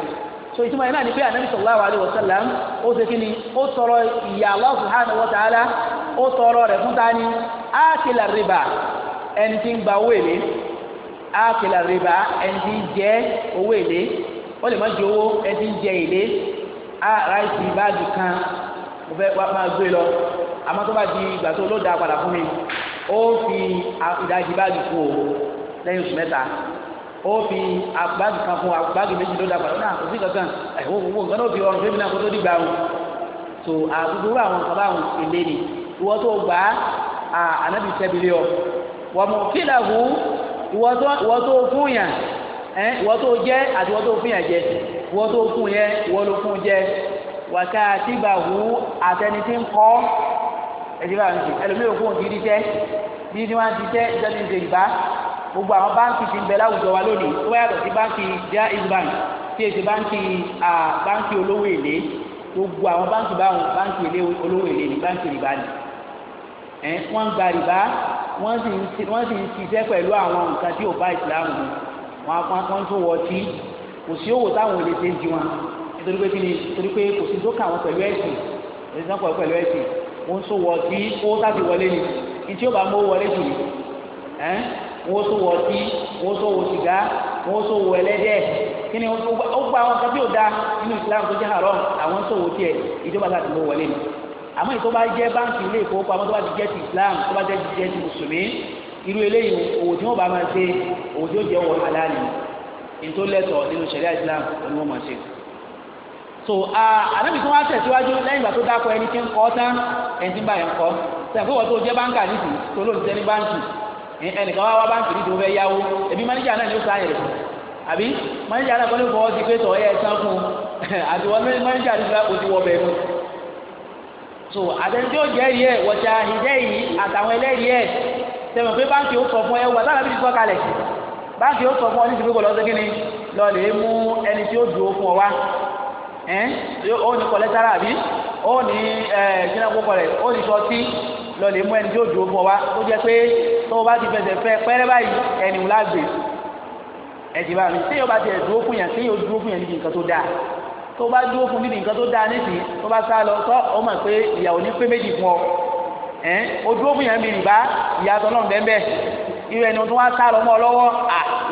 so ìtumọ̀ yìí náà ni pé anabi sallallahu alayhi wa sallam ó ṣe kí ni ó tọrọ ìyà Allah subhanahu wa ta'ala ó tọrọ rẹ̀ fún ta ni ákìlà rìbà ẹni tí ń gba owó èlé ákìlà rìbà ẹni tí ń jẹ owó èlé ó lè má jẹ owó ẹni tí ń jẹ èlé ráìsì báàgì kan mo fẹ́ wá máa gbé lọ àmọ́ tó bá di ìgbà tó ló dáa padà fún mi ó fi ìdajì báàgì kú o lẹ́yìn oṣù mẹ́ta ó fi agbáàgì kan fún agbáàgì méjì ló dàgbà náà ah, kò sí kankan ẹ̀wọ̀n gbogbo nǹkan náà fi ọrùn fẹ́mi náà kó tó dìgbà wọn tó àgùgbò àwọn nǹkan báwọn èlé ni ìwọ tó gbà á ànábì sẹ́bìlì ọ wọ́n mú kílà hu ìwọ tó fún yàn ẹ ìwọ tó jẹ́ àti ìwọ tó fún yàn jẹ ìwọ tó fún yẹn ìwọ ló fún jẹ wàtá àtìgbà hu àtẹni tí ń kọ́ ẹ̀jẹ̀ di tẹ́ bí wọ́n ti tẹ́ gbogbo àwọn báńkì ti ń bẹ láwùjọ wa lónìí tó yàtọ̀ sí báńkì jaiz bank tí èsì báńkì báńkì olówó èlé gbogbo àwọn báńkì báwọn báńkì olówó èlé ní báńkì rìbá ni wọ́n ń gba rìbá wọ́n sì ń ṣiṣẹ́ pẹ̀lú àwọn nǹkan tí ò bá ìsìláàmù mu wọn wọ́n tún wọ tí kò sí owó táwọn olè ṣe ń di wọn nítorí pé kí ni nítorí pé kò sí tó kà wọn pẹ̀lú ẹ̀sìn èyí sàn pọ̀ pẹ̀lú ẹ̀sìn wọ́n tún wọ tí owó tá ti wọlé ni ní tí ó bá mú wọlé jù ní wọ́n sọ wọ ọtí wọ́n sọ wọ sìgá wọ́n sọ wọ ẹlẹ́dẹ̀ kí ni ó gba àwọn kan tí ò da nínú Islam tó jẹ́ haram àwọn sọ wọ tiẹ̀ ìjọba láti mú wọlé ni àmọ́ ìtọ́ bá jẹ́ báńkì ilé ìfowópamọ́ tó bá ti jẹ́ ti Islam tó bá jẹ́ ti jẹ́ ti mùsùlùmí irú eléyìí òwò tí wọ́n bá máa ṣe òwò tí ó jẹ́ wọ halali nítorí lẹ́tọ̀ọ́ nínú ṣẹ̀ríà Islam ni wọ́n máa ṣe so ànábì tí wọ́n á tẹ̀síwájú lẹ́yìn ìgbà tó dákọ̀ ẹni tí ń kọ́ tán ẹni tí ń bá yẹn kọ́ sẹ́yìn pé wọ́n tó jẹ́ báńkà nídìí tó lóun jẹ́ ní báńkì ẹnìkan wá wá báńkì nídìí ó fẹ́ yáwó ẹbí máníjà náà ni ó sá yẹrẹ àbí máníjà náà kọ́ ló fọwọ́ sí pé tọ̀ ẹ̀ sán fún un àti wọn máníjà ní ìgbà kò ti wọ bẹ́ẹ̀ fún so àtẹnudí ó jẹ́ yìí ẹ̀ wọ̀tí àhìndẹ́ yìí àtàwọn ẹlẹ́rìí ẹ̀ tẹ̀wọ̀n pé báńkì ó sọ fún ẹ wà sára bí ti sọ kalẹ̀ báńkì ó sọ fún ọ ní ìsìnkú lọ́sẹ̀ kínní lọ lè mú ẹni tí ó dùn fún ọ wá ẹ̀ ó ní kọ̀lẹ́sára àbí ó ní ẹ̀ kí lọ́lẹ̀ mú ẹni tí ó dùn fún ọ wá ó jẹ́ pé tó o bá ti fẹsẹ̀ fẹ́ pẹ́rẹ́ báyìí ẹni wò lágbè ẹ̀jẹ̀ bá mi tí yóò bá tiẹ̀ dúró fún yàn tí yóò dúró fún yàn níbi nǹkan tó dáa tó o bá dúró fún níbi nǹkan tó dáa nísìnyí tó o bá sá lọ tọ́ ọ mọ̀ pé ìyàwó ní pé méjì fún ọ ẹ̀ o dúró fún yàn mi rìbá ìyàtọ̀ náà bẹ́ẹ̀ irú ẹni tó wá sá lọ mọ́ lọ́wọ́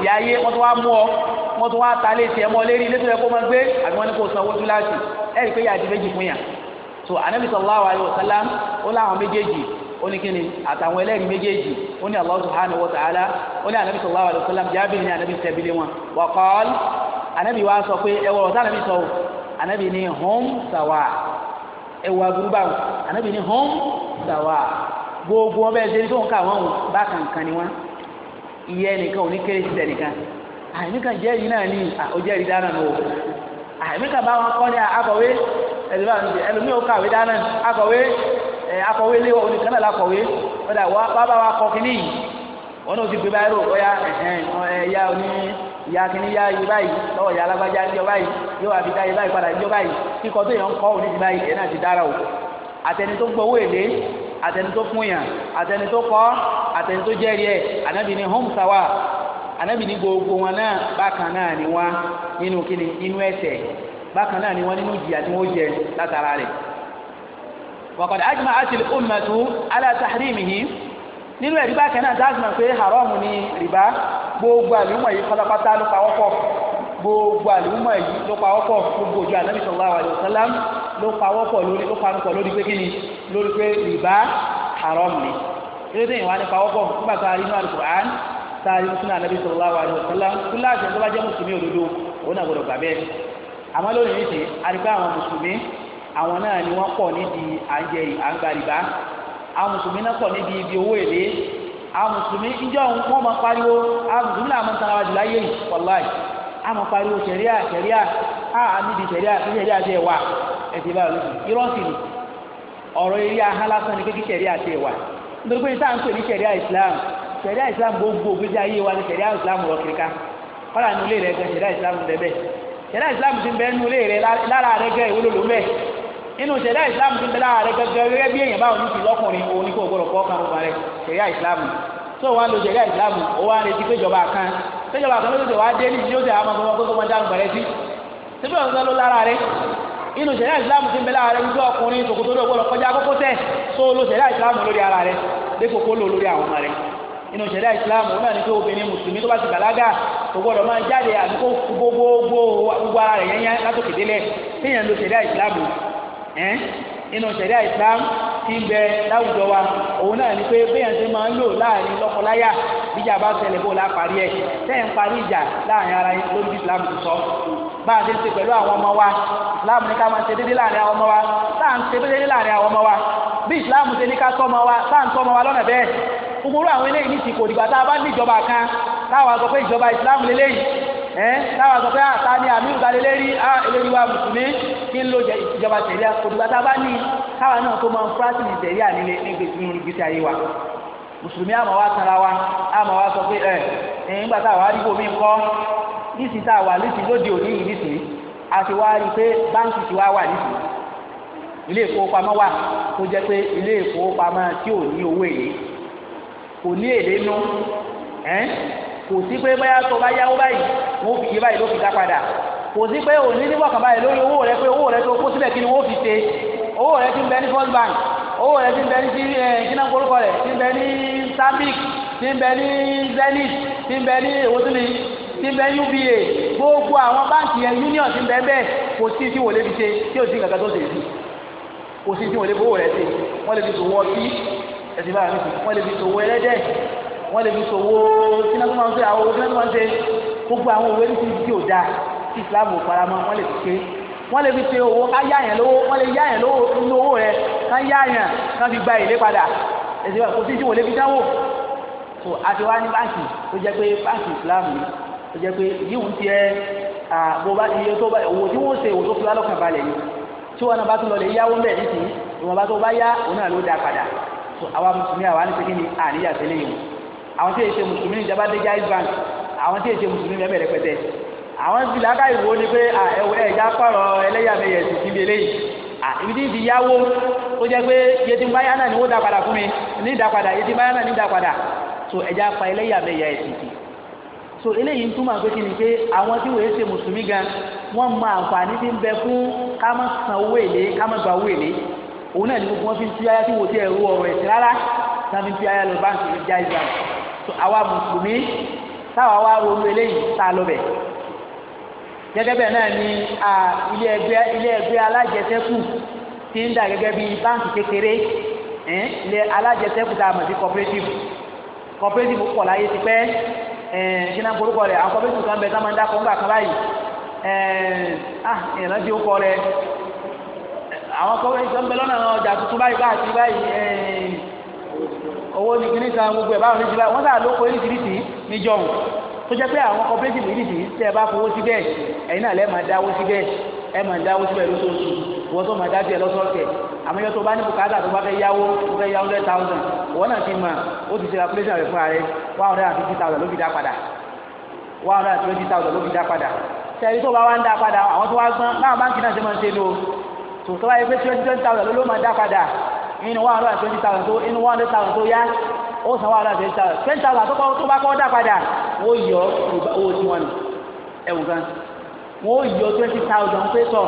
ìyá ayé wọ́n tó wá mú ọ wọ́n tó wá ta létí ẹ̀ mọ́ lérí létí rẹ̀ kó máa gbé àbí wọ́n ní kó sanwó túláàsì ẹ̀ rí pé yàtí méjì fún yàn so anabi sallallahu alayhi wa sallam ó láwọn méjèèjì ó ní kíni àtàwọn ẹlẹ́rìí méjèèjì ó ní Allah subhanahu wa ta'ala ó ní anabi sallallahu alayhi wa sallam jábìrì ní anabi tẹ̀bílẹ̀ wọn wa qal anabi wa sọ pé ẹwọ ọ̀tá anabi sọ anabi ní hum sawa ẹwọ aburúbá anabi ní hum sawa gbogbo wọn bẹ́ẹ̀ ṣe ní tó ń ká àwọn òun bá kankan ni wọn ìyẹ́ nìkan òní kéré sí tẹ̀nìkan jẹ́rìí náà ní àkójẹ́rìí dáná nù o àìmíkà bá wọn kọ́ ní akọ̀wé ẹlòmíì ó kàwé dáná akọ̀wé Eh, akọ̀wé lé wọn oníkan náà lakọ̀wé ya wà bàbá wa ya kínní yìí wọn náà ti gbé báyìí rò ọ̀yà ẹ̀yà oní ìyá kínní yá iye báyìí lọ́wọ́ ìyá alágbájá báyìí yóò dá báyìí padà báyìí tó yàn kọ́ òní báyìí ẹ̀ náà ti dára o àtẹni tó gbowó èlé àtẹni tó fún yàn àtẹni tó kọ́ àtẹni tó home sawa gbogbo wọn náà bákan náà ni wọn nínú kíni inú bákan náà ni wọn nínú ìjìyà tí jẹ látara rẹ̀ wàkọ̀dà ajma àti ummatu ala tahrimihi nínú ẹ̀rí bá kẹ́nà dáàbò pé haramu ni rìbá gbogbo àlùmọ̀ yìí pátápátá ló pawọ́ pọ̀ gbogbo àlùmọ̀ yìí ló pawọ́ pọ̀ gbogbo òjò ànábì sallallahu alaihi wasallam ló pawọ́ pọ̀ lórí ló pawọ́ pọ̀ lórí pé kíni lórí pé rìbá haramu ni eré ìwà ni pawọ́ pọ̀ nígbà tá a rí inú Al-Qur'an tá a rí sunna ànábì sallallahu alaihi wasallam kúláàsì tó bá jẹ́ mùsùlùmí òdodo òun náà gbọdọ̀ gbà bẹ́ẹ̀ àmọ́ lónìí àwọn náà ni wọ́n pọ̀ nídìí àjẹ àgbàrìbá àwọn mùsùlùmí náà pọ̀ níbi ibi owó èlé àwọn mùsùlùmí wọn máa pariwo àwọn mùsùlùmí náà máa ń jù láyé pariwo níbi sí sẹ̀ríà sí ẹ̀wà ẹ̀sìn báyìí lóṣù a ni ọ̀rọ̀ eré ahán lásán ni kékeré sẹ̀ríà sí ẹ̀wà nítorí pé sáà ń pè ní sẹ̀ríà Islam gbogbo ti inú ṣẹ̀ríà islam ti bẹ̀rẹ̀ ààrẹ gẹ́gẹ́ gẹ́gẹ́ bí èèyàn báwọn ní ti lọ́kùnrin òun ní kò gbọ́dọ̀ kọ́ kan ọba rẹ̀ ṣẹ̀ríà islam tó wà ló ṣẹ̀ríà islam ó wà retí péjọba kan péjọba kan ló tètè wá dé ní yóò tẹ àwọn ọmọ gbogbo ọmọdé àgbà rẹ sí síbí ọ̀sán ló lára rẹ inú ṣẹ̀ríà islam ti bẹ̀rẹ̀ ààrẹ gbígbé ọkùnrin tòkòtò ló gbọ́dọ̀ kọjá kókó tẹ̀ tó ló ṣẹ̀ríà islam o ara rẹ dé kókó ló lórí àwọn ọmọ rẹ inú ṣẹ̀ríà islam ó náà ní pé obìnrin mùsùlùmí tó bá ti bàlágà o gbọ́dọ̀ máa jáde àdúgbò gbogbo gbogbo ara rẹ̀ yẹn yẹn látòkè délẹ̀ téèyàn ló ṣẹ̀ríà islam ẹ́ inú ṣẹ̀ríà Islam ti ń bẹ láwùjọ wa òun náà ni pé béèyàn ti máa ń lò láàrin lọ́kọláyà bíjà bá ṣẹlẹ̀ bó la parí ẹ̀ sẹ́yìn parí ìjà láàrin ara yín lórí Islam ti sọ bá a ti ṣe pẹ̀lú àwọn ọmọ wa Islam ní ká máa ṣe déédéé láàrin àwọn ọmọ wa tá à ń ṣe déédéé láàrin àwọn ọmọ wa bí Islam ṣe ní ká tọ́ ọmọ wa tá à ń tọ́ ọmọ wa lọ́nà bẹ́ẹ̀ gbogbo àwọn eléyìí ní ti kò dìgbà tá a bá ní ìjọba kan táwọn àgọ́ pé ìjọba Islam lélẹ́yìí ẹ táwọn sọ pé ah, ni àmì ìgbàlélé rí ah, eléyìí wa mùsùlùmí kí ń lo ìjọba tẹ̀lé àkójọba tá a bá ní káwa náà tó máa ń ní tẹ̀lé ní ayé wa mùsùlùmí àmọ̀ wa tanra wa àmọ̀ wa sọ pé ẹ gbà tá a wà á a wà lóde òní yìí a ti wá rí i pé báńkì ti wá wà ilé ìfowópamọ́ wà jẹ́ pé ilé kò sí pé bóyá tó bá yáwó báyìí wọ́n fi yé báyìí ló fi dá padà kò sí pé òní ní wọ̀kàn báyìí lórí owó rẹ pé owó rẹ tó kó sílẹ̀ kí ni wọ́n fi ṣe owó rẹ ti ń bẹ ní first bank owó rẹ ti ń bẹ ní kíná eh, korúkọ rẹ ti ń bẹ ní stanbic ti ń bẹ ní zenith ti ń bẹ ní ewotini ti ń bẹ ní uba gbogbo àwọn báǹkì yẹn union ti ń bẹ bẹ́ẹ̀ kò sí tí wọ́n lè fi ṣe tí ò sí nǹkan tó ṣe sí kò sí tí wọ́n lè fi owó rẹ ṣe wọ́n lè fi ṣòwò ọtí ẹ̀sìn báyìí wọ́n lè fi ṣòwò ẹlẹ́dẹ̀ wọ́n lè fi sòwò sinamu máa ń ṣe àwọn sinamu máa ń ṣe gbogbo àwọn òwe ní ti di òda tí islam ò wọ́n lè fi ṣe wọ́n lè fi ṣe owó ká yá yẹn lówó wọ́n lè yá yẹn lówó nínú owó rẹ ká yá yẹn ká fi gba èlé padà ẹ̀sìn kò sí ìṣòwò lè fi dánwò so àti wá ní báǹkì tó jẹ́ pé báǹkì islam ni tó jẹ́ pé yíwùn tiẹ̀ bó bá iye tó bá owó tí wọ́n ṣe owó tó fi wá lọ́kàn balẹ̀ yìí tí wọn bá tún lọ lè yáwó mbẹ nísìnyí ìwọ̀nba tó bá yá òun náà ló dá padà so àwa mùsùlùmí àwa ní sẹ́kìnì àníyàn tẹ́lẹ̀ yìí àwọn tí èsè mùsùlùmí ní ìjọba déjà isbank àwọn tí èsè mùsùlùmí bẹ́ẹ̀ bẹ̀rẹ̀ pẹ̀tẹ́ àwọn ìlàkà ìwò ni pé ẹwọ ẹja pààrọ̀ ẹlẹ́yàmẹyẹ sì ti lè léyìí ibi tí ń ti yáwó tó jẹ́ pé iye tí ń báyà náà ni wọ́n dá padà fún mi ní ìdápadà iye tí ń báyà náà ní ìdápadà so ẹja pa ẹlẹ́yàmẹyẹ ẹ̀sìn sí so eléyìí ń túmọ̀ pé kí ni pé àwọn tí wòye ṣe mùsùlùmí gan wọ́n mọ àǹfààní tí ń bẹ fún ká má san owó èlé ká má gba owó èlé òun náà ni gbogbo wọn fi ń tú ayá tí wò ó ti ẹ̀rú ọ̀rọ̀ ẹ̀sìn rárá náà fi ń tú ayá lọ báńkì ìjà ìjà àwa mùsùlùmí táwa wá ronú eléyìí tá a lọ bẹ̀ gẹ́gẹ́ bẹ́ẹ̀ náà ni ilé ẹgbẹ́ ilé ẹgbẹ́ alájẹsẹ́kù ti ń dà gẹ́gẹ́ bí báǹkì kékeré ilé alájẹsẹ́kù tá a mọ̀ sí cooperative cooperative pọ̀ láyé ti pẹ́ kí náà forúkọ rẹ̀ àwọn cooperative kan bẹ tá a máa ń dákọ̀ ńgbà kan báyìí ah, ìrántí ó kọ rẹ̀ àwọn cooperative kan bẹ lọ́nà ọjà tuntun báyìí báyìí owó ní kíní san gbogbo ẹ̀ báwọn méjì bá wọ́n sà ló kó oríṣiríṣi níjọ́hùn tó jẹ́ pé àwọn cooperative méjìdì tẹ́ ẹ bá fowó sí bẹ́ẹ̀ ẹ̀yin náà lẹ́ẹ̀ máa dáwó sí bẹ́ẹ̀ ẹ máa dáwó sí bẹ́ẹ̀ lóṣooṣù wọ́n tó máa dá tiẹ̀ lọ́sọ̀ọ̀sẹ̀ àmọ́ yóò tó bá ní bùkátà tó bá fẹ́ yáwó tó fẹ́ yáwó lẹ́ẹ̀ thousand wọ́n náà ti mọ̀ ó ti ṣe calculation rẹ̀ fúnra rẹ̀ one hundred and fifty thousand ló fi dá padà one hundred and twenty thousand ló fi dá padà tẹ̀lé tó bá wá ń dá padà àwọn tó wá gbọ́n báwọn báńkì náà ṣe máa ń ṣe lò tó tó bá yẹ pé twenty thousand ló ló máa dá inú one hundred twenty thousand tó inú one hundred thousand tó yá ó san one hundred twenty thousand twenty thousand tó kọ́ tó bá kọ́ dá padà wọ́n yọ owó tí wọ́n ní ẹ̀wù gan wọ́n yọ twenty thousand pé sọ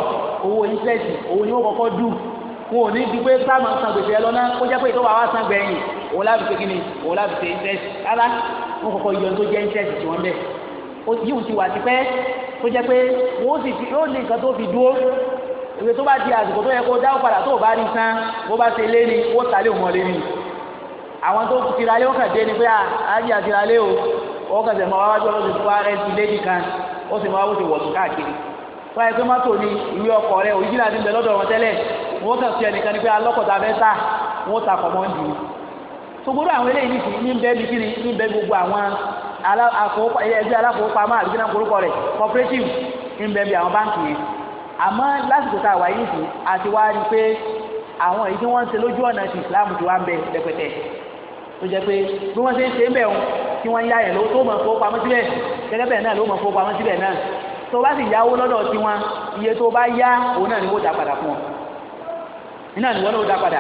owó interest òun ni wọ́n kọ́kọ́ dùn wọn ò ní di pé sáàmù san gbèsè lọ náà ó jẹ́ pé ìtọ́wà wá san gbẹ̀yìn òun láti ṣe kíni òun láti ṣe interest rárá wọn kọ́kọ́ yọ tó jẹ́ interest tí wọ́n bẹ̀ yíwù ti wà tipẹ́ tó jẹ́ pé wọ́n sì ti ní nǹkan tó fi dúró ìwé tó bá di àsìkò tó yẹ kó dáwọ́ padà tó o bá rí san bó bá ṣe lé ni ó ta lé òun ọ̀lẹ́ ni àwọn tó tira lé wọn kàn dé ni pé àájì ah, àtira lé o ó kàn sẹ̀ mọ́ wá wájú ọlọ́sìn fún ara ẹni lédi kan ó sì mọ́ wá wòsàn wọ̀sùn káàkiri wọ́n yẹ pé mọ́tò ni ìwé ọkọ̀ rẹ òyìnbí láti bẹ̀ lọ́dọ̀ wọn tẹ́lẹ̀ wọ́n kàn sí ẹnìkan ni pé alọ́kọ̀tà fẹ́ sá wọ́n ta kọ̀ mọ́ ń dì í gbogbo àwọn eléyìí ní ìsìn ní bẹ́ẹ̀ bí kíni ní bẹ́ẹ̀ gbogbo àwọn ẹgbẹ́ aláfowópamọ́ àdúgbò náà korúkọ rẹ̀ cooperative ní bẹ́ẹ̀ bí àwọn báńkì yẹn àmọ́ lásìkò tá a wà yìí nìyí àti wá rí i pé àwọn èyí tí wọ́n ń ṣe lójú ọ̀nà ti Islam ti wá ń bẹ rẹpẹtẹ tó jẹ pé bí wọ́n ṣe ń ṣe ń bẹ̀ wọn kí wọ́n yá yẹn ló tó mọ̀ fowó pamọ́ síbẹ̀ gẹ́gẹ́ bẹ́ẹ̀ náà ló mọ̀ fowó pamọ́ síbẹ̀ náà tó bá sì yáwó lọ́dọ̀ tiwọn iye tó bá yá òun náà ni wọ́n dá padà fún ọ iná ni wọ́n náà dá padà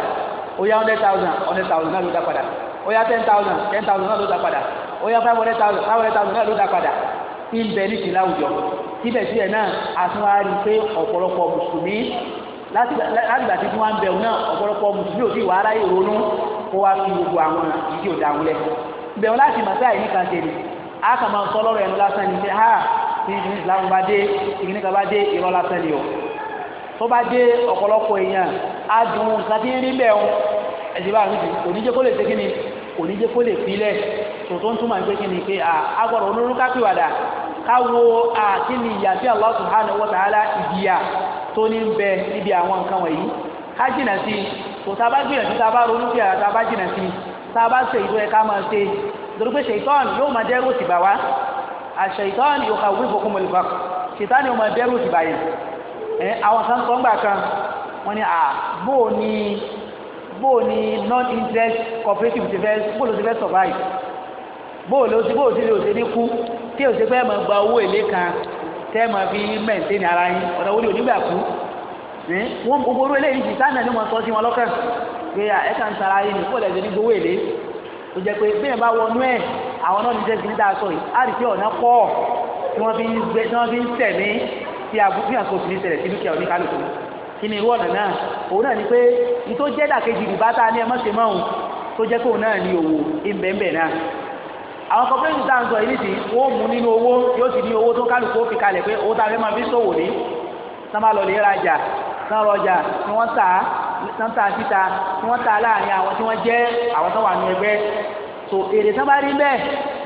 ó yá hundred thousand hundred thousand náà ló dá padà ó yá ten thousand ten thousand náà ló dá padà ó yá five hundred thousand five hundred thousand náà ló dá padà ń bẹ ní ìsìn láwùjọ síbẹ̀síbẹ̀ náà a tún wá rí i pé ọ̀pọ̀lọpọ̀ mùsùlùmí látìgbà tí wọ́n ń bẹ̀rù náà ọ̀pọ̀lọpọ̀ mùsùlùmí ò sì wá aráyè ronú kó wá fi gbogbo àwọn ìdí òdàwọn lẹ̀ bẹ̀rù láti màtá yìí nìkan ṣe ni a kà máa sọ lọ́rọ̀ ẹnu lásán ni pé ha ní ìdílé bá dé ìgbìnnì kan bá dé irọ́ lásán ni o tó bá dé ọ̀pọ̀lọpọ̀ èèyàn á dùn nǹkan tí ń rí bẹ́ẹ̀ o ẹ̀sìn bá mi dùn kò ní jẹ́ kó a gbọ́dọ̀ onírúurú kápẹ́wàdà káwo àkíní ìyà tí Allah subhanahu wa ta'ala ìdíyà tó ní bẹ níbi àwọn nǹkan wọ̀nyí ká jìnà sí kò tá a bá jìnà sí tá a bá ronú sí àrà tá a bá jìnà sí tá a bá ṣe ìlú ẹ̀ká máa ṣe torí pé ṣèitán yóò máa dẹ́rù sí bà wá àṣèitán yóò kà wí fòkun mọ̀lùfà ṣèitán yóò máa dẹ́rù sí bà yẹn ẹ àwọn kan sọ ńgbà kan wọ́n ní à bóò ni bóò ni non-interest cooperative ti fẹ́ bóò ló ti fẹ́ survive bóò ló ti bóò ti lè ò tí o ṣe pé ẹ máa gba owó èlé kan tẹ́ ẹ máa fi mẹ́ǹtẹ́nì ara yín ọ̀nà wo ni onígbà kú wọ́n gbogbo orú eléyìí ti sáà náà ni wọ́n sọ sí wọn lọ́kàn pé ẹ kàn ń sara yín ní kó lẹ́sẹ̀ ní gbowó èlé tó jẹ́ pé bí ẹ bá wọnú ẹ̀ àwọn náà ní sẹ́sì ní dáa sọ yìí á rí pé ọ̀nà pọ̀ tí wọ́n fi ń gbé tí wọ́n fi ń tẹ̀mí tí abúlé àkóso ní tẹ̀lẹ̀ sí dúkìá oníkálukú kí ni irú ọ̀nà náà òun náà ni pé ìtó jẹ́ dàkejì ìdìbátà ni ẹ mọ̀ ṣe mọ́ àwọn kọ́pẹ́rẹ́tì tá à ń sọ yìí nìsí wọ́n mú nínú owó yóò sì ní owó tó kálukú ó fi kalẹ̀ pé owó tá a fẹ́ máa fi ṣòwò ní sábà lọ lè rajà sábà rọjà ni wọ́n tà á tán tà síta ni wọ́n tà á láàrin àwọn tí wọ́n jẹ́ àwọn tó wà ní ẹgbẹ́ so èrè sábà rí bẹ́ẹ̀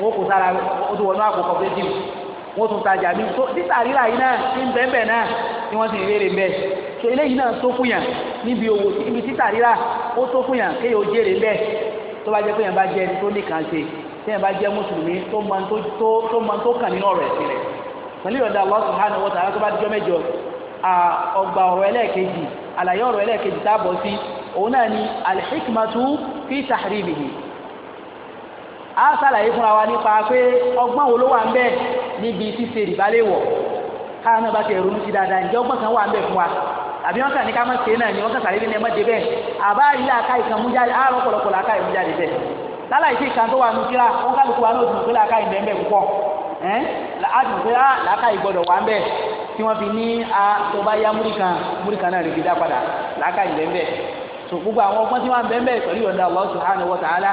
wọ́n kò sára ó ti wọnú àpò kọ́pẹ́rẹ́tì wọ́n tún tajà mí tó títà rírà yìí náà ní bẹ́ẹ̀ náà ni wọ́n sì rere bẹ́ẹ̀ so eléyìí náà tó fún yàn níbi owó níbi títà rírà ó tó fún téèyàn bá jẹ́ mùsùlùmí tó mọ tó mọ tó kàn nínú ọ̀rọ̀ ẹ̀sìn rẹ̀ pẹ̀lú ìrọ̀dà Allah subhanahu wa ta'ala tó bá dijọ́ mẹ́jọ ọgbà ọ̀rọ̀ ẹlẹ́ẹ̀kejì àlàyé ọ̀rọ̀ ẹlẹ́ẹ̀kejì tá a bọ̀ sí òun náà ni alhikmatu fi tahrimihi a sàlàyé fúnra wa nípa pé ọgbọ́n wo ló wà ń bẹ níbi ṣíṣe ìbálẹ̀wọ̀ káwọn náà bá ti ronú ni wọn kà sàlẹ́ ní ẹ má dé bẹ́ẹ̀ àbá yìí àká ìkànnì mú jáde àárọ̀ lálàyé sí ìkan tó wà nù kíra wọn kálukú wa lóòtù pé làákà ìbẹ̀ ńbẹ̀ púpọ̀ ẹ́n láti pé á ah, làákà ìgbọ́dọ̀ wà ńbẹ̀ tí wọ́n fi ní a tó bá yá múríkan múríkan náà lè fi dá padà làákà ìbẹ̀ ńbẹ̀ so gbogbo àwọn ọgbọ́n tí wọ́n ń bẹ́ ńbẹ̀ pẹ̀lú ìyọ̀ǹda Allah subhanahu wa ta'ala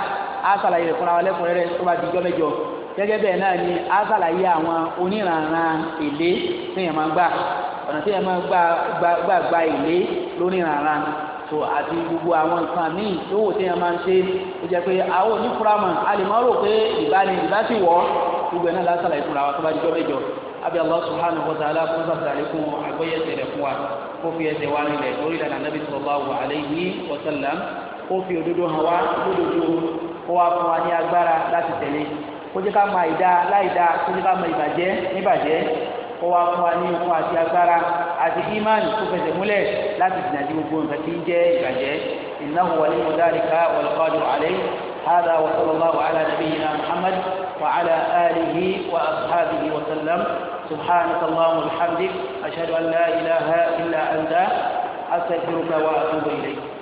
á sàlàyé rẹ̀ fúnra wa lẹ́kùnrẹ́rẹ́ gẹ́gẹ́ bẹ́ẹ̀ náà ni á sàlàyé àwọn oníranran èlé téèyàn máa ń gbà ọ̀nà téèyàn máa ń gbà gbà gbà èlé lóníranran so àti gbogbo àwọn nǹkan míì tó wò téèyàn máa ń ṣe ó jẹ́ pé àwọn onífúramọ̀ a lè má rò pé ìbáni ìbá sì wọ́ gbogbo ẹ̀ náà lásàlàyé fúnra wa tó bá dijọ́ mẹ́jọ abi allah subhanahu wa ta'ala kó sàtàlẹ́ fún àgbẹ̀yẹ tẹ̀lẹ̀ fún wa kó fi ẹsẹ̀ wa nílẹ̀ lórí ìlànà nabi sallallahu alayhi wa sallam kó fi òdodo hàn wá lódodo kó wá fún wa ní agbára láti tẹ̀lé kó jẹ́ ká mọ àìdá láìdá kó jẹ́ ká mọ ìbàjẹ́ níbàjẹ́ kó wá fún wa ní okun àti agbára àti ìmánì tó fẹsẹ̀ múlẹ̀ láti dìnnà sí gbogbo nǹkan tí ń jẹ́ ìbàjẹ́ innahu waliyyu dhalika wal qadiru alayhi hadha wa sallallahu ala nabiyyina muhammad wa ala alihi wa ashabihi wa sallam subhanaka allahumma wa bihamdik ashhadu an la ilaha illa anta astaghfiruka wa atubu ilayk.